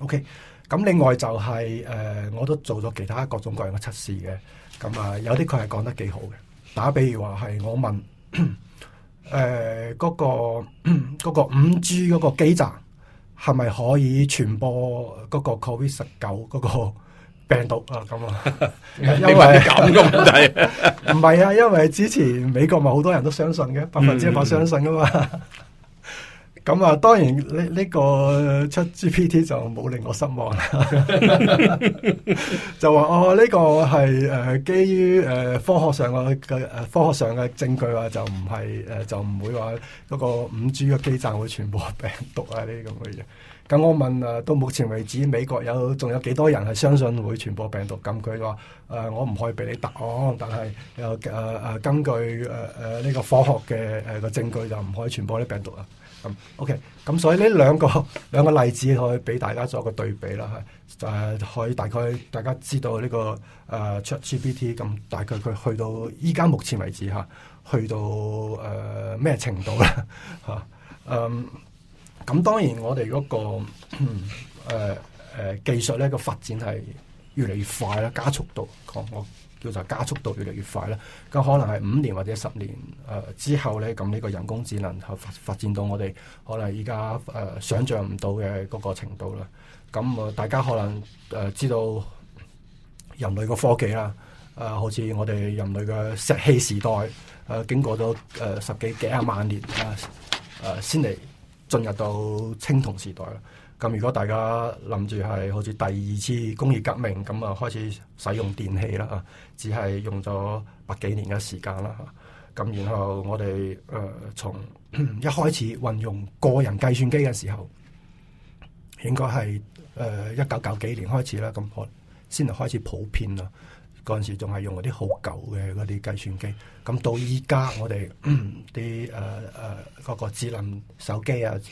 OK，咁另外就係誒我都做咗其他各種各樣嘅測試嘅，咁啊有啲佢係講得幾好嘅，打比如話係我問。誒，嗰、呃那個 [coughs] 個五 G 嗰個基站係咪可以傳播嗰個 COVID 十九嗰個病毒啊？咁啊，因為咁嘅問題，唔 [laughs] 係啊，因為之前美國咪好多人都相信嘅，百分之一百相信噶嘛。嗯 [laughs] 咁啊，當然呢呢個出 GPT 就冇令我失望啦， [laughs] 就話哦呢、呢個係誒、呃、基於誒、呃、科學上嘅、嘅誒科學上嘅證據啊，就唔係誒就唔會話嗰個五 G 嘅基站會傳播病毒啊呢啲咁嘅嘢。咁我問啊，到目前為止美國有仲有幾多人係相信會傳播病毒？咁佢話誒我唔可以俾你答案，但係有誒誒根據誒誒呢個科學嘅誒個證據就唔可以傳播啲病毒啊。咁 OK，咁所以呢兩個兩個例子可以俾大家作個對比啦，嚇，誒、啊、可以大概大家知道呢、這個誒 ChatGPT 咁，啊、GP T，大概佢去到依家目前為止嚇、啊，去到誒咩、啊、程度咧嚇、啊？嗯，咁當然我哋嗰、那個誒、啊啊、技術咧個發展係。越嚟越快啦，加速度，我叫做加速度愈愈，越嚟越快啦。咁可能係五年或者十年誒、呃、之後咧，咁、這、呢個人工智能發發展到我哋可能依家誒想象唔到嘅嗰個程度啦。咁、嗯、大家可能誒、呃、知道人類嘅科技啦，誒、呃、好似我哋人類嘅石器時代，誒、呃、經過咗誒、呃、十幾幾啊萬年啊誒、呃，先嚟進入到青銅時代啦。咁如果大家諗住係好似第二次工業革命咁啊，開始使用電器啦，只係用咗百幾年嘅時間啦。咁然後我哋誒、呃、從 [coughs] 一開始運用個人計算機嘅時候，應該係誒一九九幾年開始啦。咁我先嚟開始普遍啊，嗰陣時仲係用嗰啲好舊嘅嗰啲計算機。咁到依家我哋啲誒誒嗰個智能手機啊～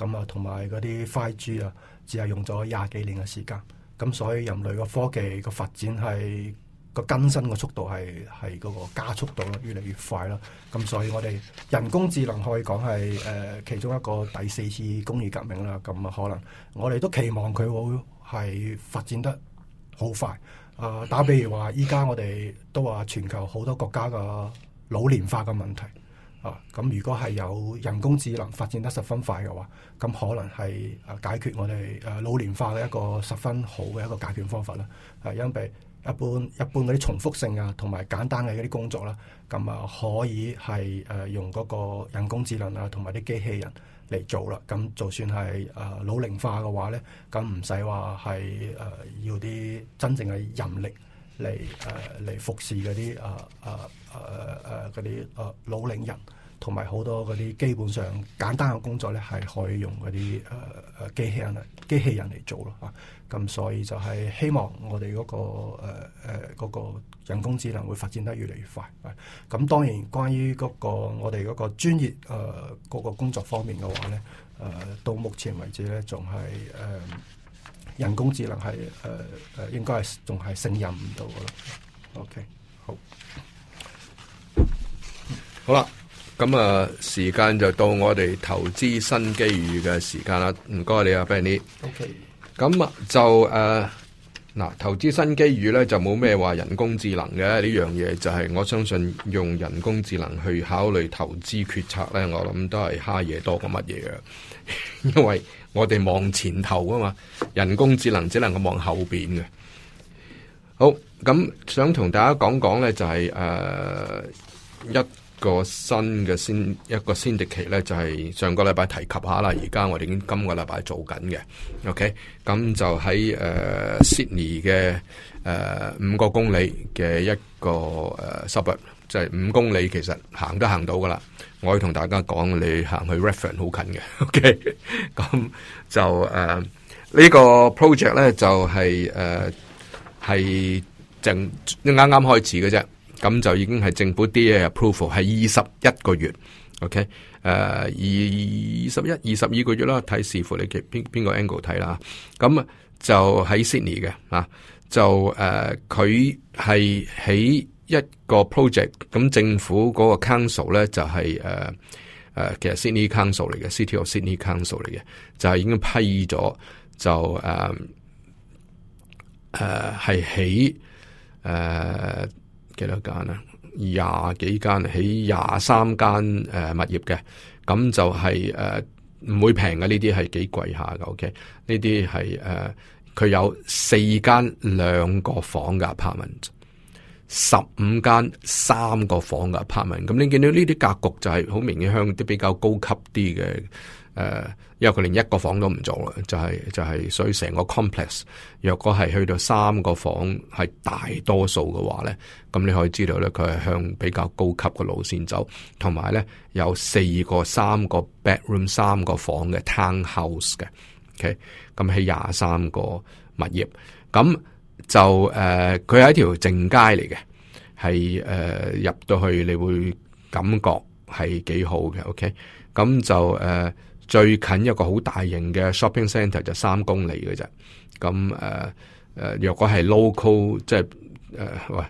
咁啊，同埋嗰啲 five G 啊，只係用咗廿幾年嘅時間。咁所以人類嘅科技個發展係個更新，嘅速度係係個加速度越嚟越快啦。咁所以我哋人工智能可以講係誒其中一個第四次工業革命啦。咁啊，可能我哋都期望佢會係發展得好快。啊、呃，打比如話依家我哋都話全球好多國家嘅老年化嘅問題。啊，咁如果係有人工智能發展得十分快嘅話，咁可能係啊解決我哋誒老年化嘅一個十分好嘅一個解決方法啦。係、啊、因為一般一般嗰啲重複性啊同埋簡單嘅一啲工作啦，啊，咁啊可以係誒、啊、用嗰個人工智能啊同埋啲機器人嚟做啦。咁就算係誒老年化嘅話咧，咁唔使話係誒要啲真正嘅人力。嚟誒嚟服侍嗰啲誒誒誒誒嗰啲誒老齡人，同埋好多嗰啲基本上簡單嘅工作咧，係可以用嗰啲誒誒機器人、機器人嚟做咯嚇。咁所以就係希望我哋嗰個誒誒嗰個人工智能會發展得越嚟越快。咁當然，關於嗰個我哋嗰個專業誒嗰個工作方面嘅話咧，誒到目前為止咧，仲係誒。人工智能係誒誒，應該係仲係勝任唔到嘅咯。OK，好，好啦，咁啊，時間就到我哋投資新機遇嘅時間啦。唔該你啊 Benny。OK，咁啊就誒嗱，投資新機遇咧就冇咩話人工智能嘅呢樣嘢，就係我相信用人工智能去考慮投資決策咧，我諗都係蝦嘢多過乜嘢嘅， [laughs] 因為。我哋望前頭啊嘛，人工智能只能夠望後邊嘅。好，咁想同大家講講咧，就係、是、誒、呃、一個新嘅先一個先迪期咧，就係、是、上個禮拜提及下啦。而家我哋已經今個禮拜做緊嘅。OK，咁就喺誒 Sydney 嘅誒五個公里嘅一個誒 suburb，就係五公里，其實行都行到噶啦。我要同大家講，你行去 reference 好近嘅，OK？咁 [laughs] 就誒、uh, 呢個 project 咧，就係誒係正啱啱開始嘅啫，咁就已經係政府啲嘢 approval 係二十一個月，OK？誒二十一、二十二個月啦，睇視乎你邊邊個 angle 睇啦。咁就喺 Sydney 嘅，啊、uh，就誒佢係喺。一個 project，咁政府嗰個 council 咧就係誒誒，其實 Sydney council 嚟嘅，City of Sydney council 嚟嘅，就係、是、已經批咗，就誒誒係起誒幾多間啊？廿幾間，起廿三間誒、呃、物業嘅，咁就係誒唔會平嘅，呢啲係幾貴下㗎。OK，呢啲係誒佢有四間兩個房嘅 apartment。十五間三個房嘅 apartment，咁你見到呢啲格局就係好明顯向啲比較高級啲嘅誒，因為佢連一個房都唔做啦，就係、就係、所以成個 complex 若果係去到三個房係大多數嘅話咧，咁你可以知道咧佢係向比較高級嘅路線走，同埋咧有四個三個 bedroom 三個房嘅 townhouse 嘅，ok，咁喺廿三個物業，咁。就誒，佢、呃、係一條正街嚟嘅，係誒入到去，你會感覺係幾好嘅。OK，咁就誒、呃、最近一個好大型嘅 shopping center 就三公里嘅啫。咁誒誒，若果係 local，即係誒喂，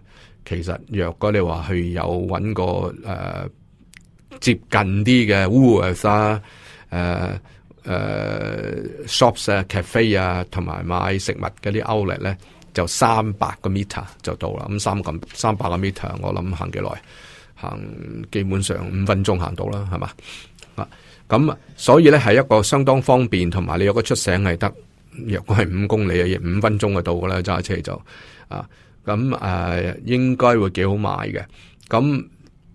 其實若果你話去有揾個誒接近啲嘅 Woolworths 啊、誒、呃、誒、呃、shops 啊、cafe 啊，同埋買食物嗰啲 outlet 咧。就三百個 meter 就到啦，咁三咁三百個 meter，我諗行幾耐，行基本上五分鐘行到啦，係嘛啊，咁所以咧係一個相當方便，同埋你有個出省係得，若果係五公里嘅嘢，五分鐘就到噶啦，揸車就啊，咁誒、呃、應該會幾好買嘅，咁。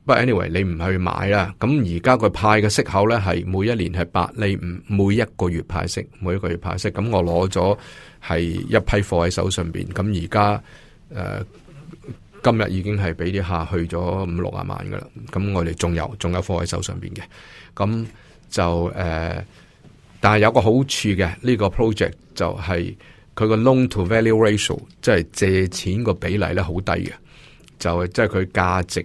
But anyway 你唔去買啦，咁而家佢派嘅息口咧係每一年係八厘五，每一個月派息，每一個月派息，咁我攞咗係一批貨喺手上邊，咁而家誒今日已經係俾啲客去咗五六啊萬噶啦，咁我哋仲有仲有貨喺手上邊嘅，咁就誒、呃，但係有個好處嘅呢、這個 project 就係佢個 loan to valuation 即係借錢個比例咧好低嘅，就係即係佢價值。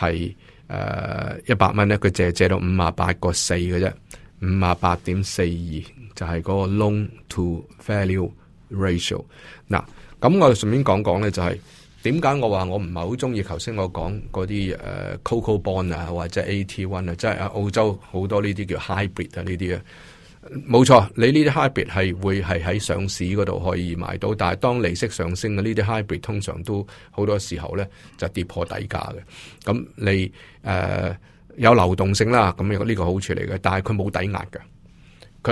係誒一百蚊咧，佢借、呃、借到五啊八個四嘅啫，五啊八點四二就係嗰個 loan to value ratio。嗱，咁我順便講講咧，就係點解我話我唔係好中意頭先我講嗰啲誒 CoCo bond 啊，或者 AT1 啊，即係澳洲好多呢啲叫 hybrid 啊呢啲啊。冇錯，你呢啲 hybrid 係會係喺上市嗰度可以買到，但係當利息上升嘅，呢啲 hybrid 通常都好多時候呢就跌破底價嘅。咁、嗯、你誒、呃、有流動性啦，咁有呢個好處嚟嘅，但係佢冇抵押噶，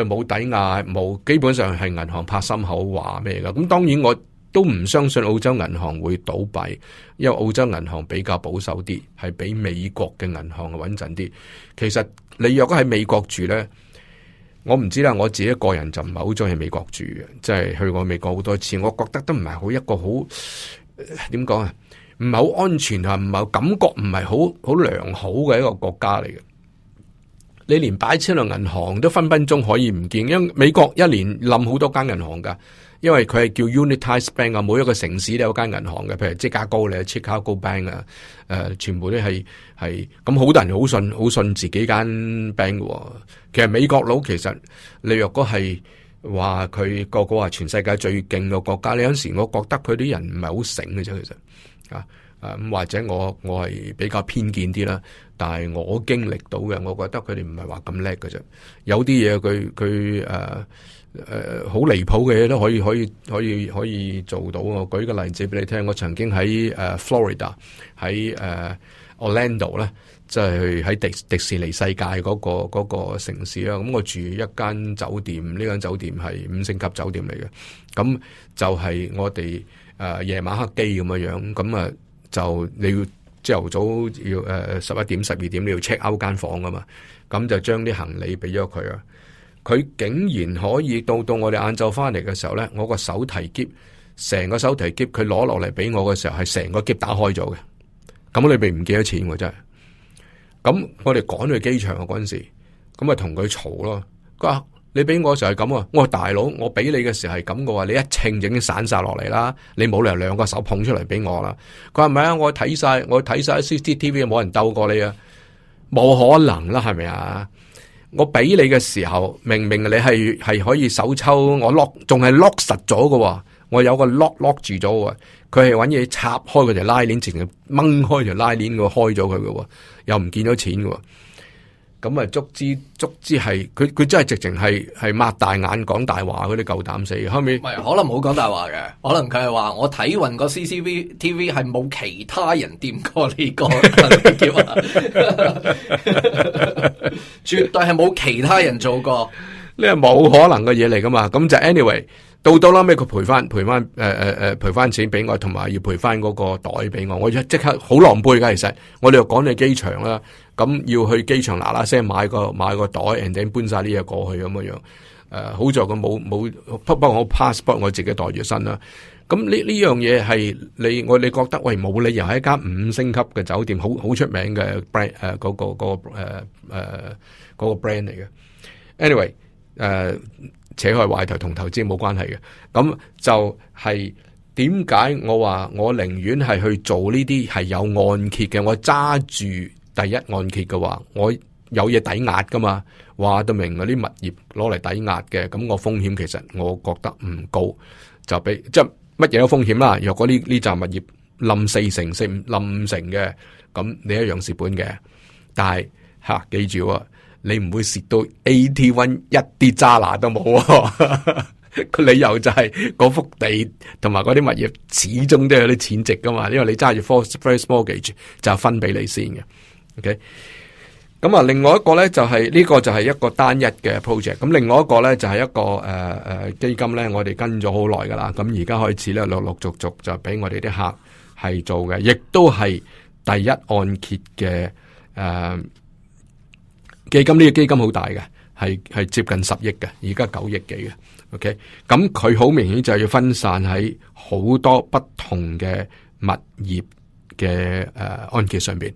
佢冇抵押冇，基本上係銀行拍心口話咩噶。咁、嗯、當然我都唔相信澳洲銀行會倒閉，因為澳洲銀行比較保守啲，係比美國嘅銀行穩陣啲。其實你若果喺美國住呢。我唔知啦，我自己個人就唔係好鍾意美國住嘅，即係去過美國好多次，我覺得都唔係好一個好點講啊，唔係好安全啊，唔係感覺唔係好好良好嘅一個國家嚟嘅。你連擺車輛銀行都分分鐘可以唔見，因為美國一年冧好多間銀行㗎，因為佢係叫 unitised bank 啊，每一個城市都有間銀行嘅，譬如芝加哥咧 Chicago bank 啊，誒、呃，全部都係係咁，好多人好信好信自己間 bank 嘅。哦，其實美國佬其實你若果係話佢個個話全世界最勁嘅國家，你有陣時我覺得佢啲人唔係好醒嘅啫，其實啊。啊咁或者我我係比較偏見啲啦，但係我經歷到嘅，我覺得佢哋唔係話咁叻嘅啫。有啲嘢佢佢誒誒好離譜嘅嘢都可以可以可以可以做到我舉個例子俾你聽，我曾經喺誒、啊、Florida 喺誒、啊、Orlando 咧，即係喺迪迪士尼世界嗰、嗰個、嗰個城市啦。咁、啊、我住一間酒店，呢間酒店係五星級酒店嚟嘅。咁、啊、就係、係、我哋誒夜晚黑機咁嘅樣，咁啊～就你要朝頭早要誒，十一點十二點你要 check out 間房噶嘛，咁就將啲行李俾咗佢啊。佢竟然可以到到我哋晏晝翻嚟嘅時候咧，我個手提箧，成個手提箧佢攞落嚟俾我嘅時候係成個箧打開咗嘅。咁你咪唔記得錢、啊、真係。咁我哋趕去機場嗰陣時，咁咪同佢嘈咯。啊.你俾我嘅時候係咁啊！我大佬，我俾你嘅時候係咁嘅話，你一稱就已經散晒落嚟啦。你冇理由兩個手捧出嚟俾我啦。佢話唔係啊，我睇晒，我睇晒 CCTV，冇人鬥過你啊，冇可能啦，係咪啊？我俾你嘅時候，明明你係係可以手抽，我 lock 仲係 lock 實咗嘅，我有個 lock lock 住咗嘅。佢係搵嘢插開佢條拉鏈，直接掹開條拉鏈，開咗佢嘅，又唔見咗錢嘅。咁啊，足之足之係佢佢真係直情係係擘大眼講大話，嗰啲夠膽死。後屘唔係可能冇講大話嘅，可能佢係話我睇完個 C C T V 係冇其他人掂過呢個， [laughs] [laughs] [laughs] 絕對係冇其他人做過。呢係冇可能嘅嘢嚟噶嘛。咁就 anyway 到到啦，咩佢賠翻賠翻誒誒誒賠翻錢俾我，同埋要賠翻嗰個袋俾我。我即即刻好狼狽噶，其實我哋又趕去機場啦。咁要去機場嗱嗱聲買個買個袋 and then 搬晒啲嘢過去咁嘅樣。誒、呃，好在佢冇冇幫我 passport，我自己袋住身啦。咁呢呢樣嘢係你我哋覺得喂冇理由係一間五星級嘅酒店，好好出名嘅 brand 誒、啊，嗰、那個、那個誒誒、那個 brand 嚟嘅。anyway 誒、啊，扯開話題同投資冇關係嘅。咁、嗯、就係點解我話我寧願係去做呢啲係有按揭嘅，我揸住。第一按揭嘅話，我有嘢抵押噶嘛。話到明嗰啲物業攞嚟抵押嘅，咁我個風險其實我覺得唔高，就俾即係乜嘢都風險啦。若果呢呢站物業冧四成、四五、冧五成嘅，咁你一樣蝕本嘅。但係吓，記住啊，你唔會蝕到 AT1 一啲渣拿都冇啊。個 [laughs] 理由就係嗰幅地同埋嗰啲物業始終都有啲錢值噶嘛，因為你揸住 First Mortgage 就分俾你先嘅。咁啊、okay，嗯，另外一個呢，就係、是、呢、這個就係一個單一嘅 project，咁、嗯、另外一個呢，就係、是、一個誒誒、呃、基金呢。我哋跟咗好耐噶啦，咁而家開始呢，陸陸續續就俾我哋啲客係做嘅，亦都係第一按揭嘅誒、呃、基金呢、這個基金好大嘅，係係接近十億嘅，而家九億幾嘅。OK，咁佢好明顯就係要分散喺好多不同嘅物業嘅誒按揭上邊。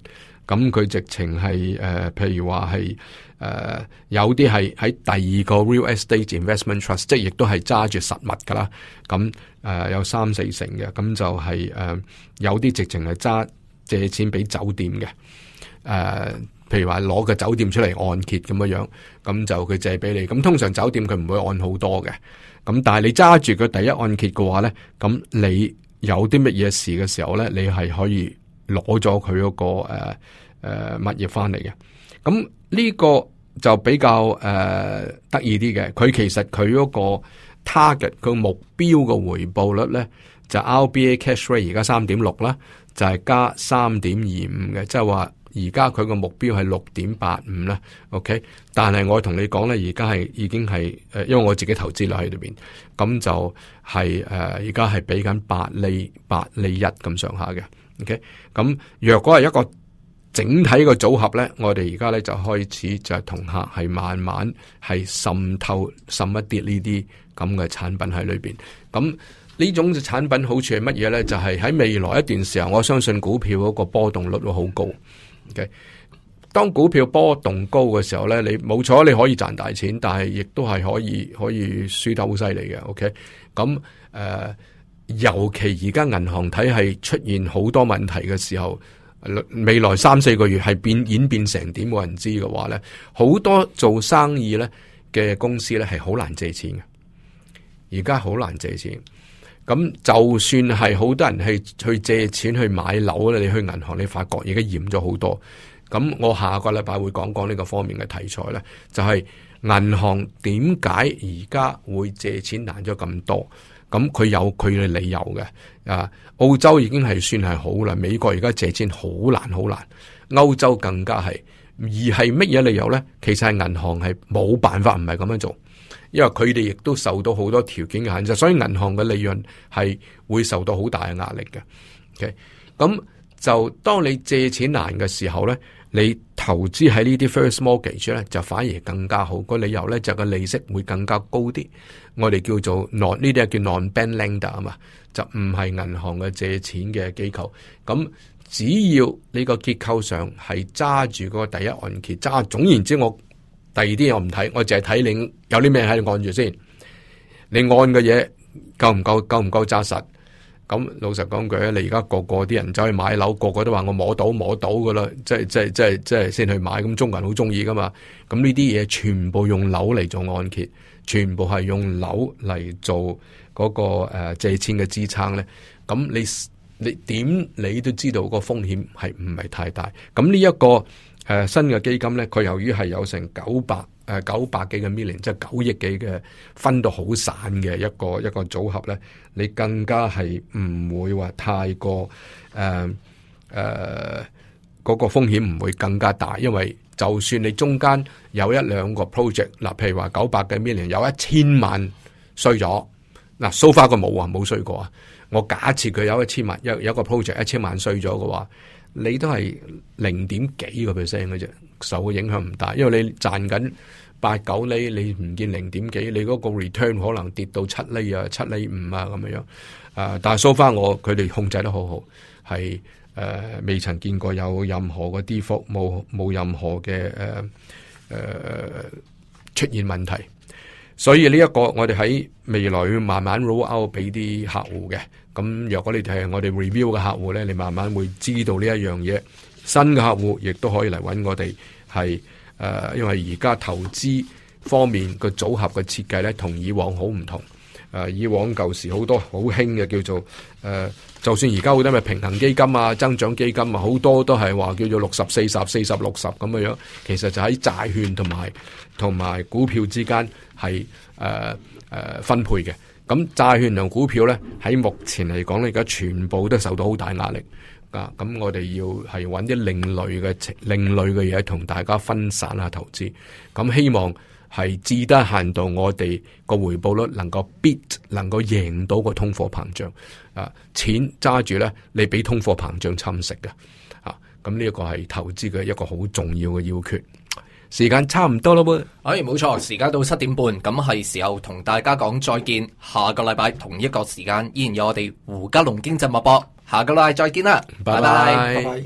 咁佢、嗯、直情係誒，譬如話係誒，有啲係喺第二個 real estate investment trust，即係亦都係揸住實物噶啦。咁、嗯、誒、呃，有三四成嘅，咁、嗯、就係、是、誒、呃，有啲直情係揸借錢俾酒店嘅。誒、呃，譬如話攞個酒店出嚟按揭咁樣樣，咁、嗯嗯、就佢借俾你。咁、嗯、通常酒店佢唔會按好多嘅，咁、嗯、但係你揸住佢第一按揭嘅話咧，咁、嗯、你有啲乜嘢事嘅時候咧，你係可以。攞咗佢嗰個誒誒、呃呃、物業翻嚟嘅，咁呢個就比較誒、呃、得意啲嘅。佢其實佢嗰個 target 個目標嘅回報率咧，就 RBA cash rate 而家三點六啦，就係、是、加三點二五嘅，即係話而家佢個目標係六點八五啦。OK，但係我同你講咧，而家係已經係誒、呃，因為我自己投資落喺裏邊，咁就係誒而家係畀緊八厘八厘一咁上下嘅。咁若、okay? 果係一個整體嘅組合呢，我哋而家呢就開始就同客係慢慢係滲透滲一啲呢啲咁嘅產品喺裏邊。咁、嗯、呢種產品好處係乜嘢呢？就係、是、喺未來一段時候，我相信股票嗰個波動率都好高。Okay? 當股票波動高嘅時候呢，你冇錯你可以賺大錢，但係亦都係可以可以輸得好犀利嘅。OK，咁、嗯、誒。呃尤其而家銀行體系出現好多問題嘅時候，未來三四個月係變演變成點冇人知嘅話呢，好多做生意呢嘅公司呢係好難借錢嘅，而家好難借錢。咁就算係好多人去去借錢去買樓咧，你去銀行你發覺已經嚴咗好多。咁我下個禮拜會講講呢個方面嘅題材呢，就係、是、銀行點解而家會借錢難咗咁多。咁佢有佢嘅理由嘅，啊，澳洲已經係算係好啦，美國而家借錢好難好難，歐洲更加係。而係乜嘢理由呢？其實係銀行係冇辦法，唔係咁樣做，因為佢哋亦都受到好多條件嘅限制，所以銀行嘅利潤係會受到好大嘅壓力嘅。OK，咁就當你借錢難嘅時候呢。你投資喺呢啲 first mortgage 咧，就反而更加好。個理由咧就個、是、利息會更加高啲。我哋叫做 non 呢啲叫 non-bank lender 啊嘛，ander，就唔係銀行嘅借錢嘅機構。咁只要你個結構上係揸住嗰個第一按揭揸，總言之我我，我第二啲嘢我唔睇，我淨係睇你有啲咩喺度按住先。你按嘅嘢夠唔夠夠唔夠扎實？咁老實講句咧，你而家個個啲人走去買樓，個個都話我摸到摸到噶啦，即係即係即係即係先去買。咁中國人好中意噶嘛，咁呢啲嘢全部用樓嚟做按揭，全部係用樓嚟做嗰個誒借錢嘅支撐咧。咁你你點你都知道個風險係唔係太大？咁呢一個誒新嘅基金咧，佢由於係有成九百。誒，九百幾嘅 million，即係九億幾嘅，分到好散嘅一個一個組合咧，你更加係唔會話太過誒誒，嗰、呃呃嗰個風險唔會更加大，因為就算你中間有一兩個 project，嗱、呃，譬如話九百嘅 million 有一千萬衰咗，嗱、呃，so far 個冇啊冇衰過啊，我假設佢有一千萬有有一個 project 一千萬衰咗嘅話，你都係零點幾個 percent 嘅啫。受嘅影響唔大，因為你賺緊八九厘，你唔見零點幾，你嗰個 return 可能跌到七厘啊，七厘五啊咁樣。誒、呃，但係 so far 我，佢哋控制得好好，係誒未曾見過有任何嘅啲服務冇冇任何嘅誒誒出現問題。所以呢一個我哋喺未來要慢慢 roll out 俾啲客戶嘅。咁若果你哋係我哋 review 嘅客戶咧，你慢慢會知道呢一樣嘢。新嘅客戶亦都可以嚟揾我哋，係誒、呃，因為而家投資方面個組合嘅設計呢，同以往好唔同。誒、呃，以往舊時好多好興嘅叫做誒、呃，就算而家好多咩平衡基金啊、增長基金啊，好多都係話叫做六十四十、四十六十咁嘅樣，其實就喺債券同埋同埋股票之間係誒誒分配嘅。咁債券同股票呢，喺目前嚟講呢，而家全部都受到好大壓力。啊！咁我哋要係揾啲另類嘅另類嘅嘢，同大家分散下投資。咁、啊、希望係至低限度，我哋個回報率能夠 beat 能夠贏到個通貨膨脹啊！錢揸住咧，你俾通貨膨脹侵蝕嘅啊！咁呢一個係投資嘅一個好重要嘅要訣。時間差唔多啦，各位，哎，冇錯，時間到七點半，咁係時候同大家講再見。下個禮拜同一個時間，依然有我哋胡嘉龍經濟脈搏。下個禮拜再見啦，拜拜。